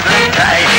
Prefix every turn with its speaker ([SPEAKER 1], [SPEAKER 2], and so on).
[SPEAKER 1] every day.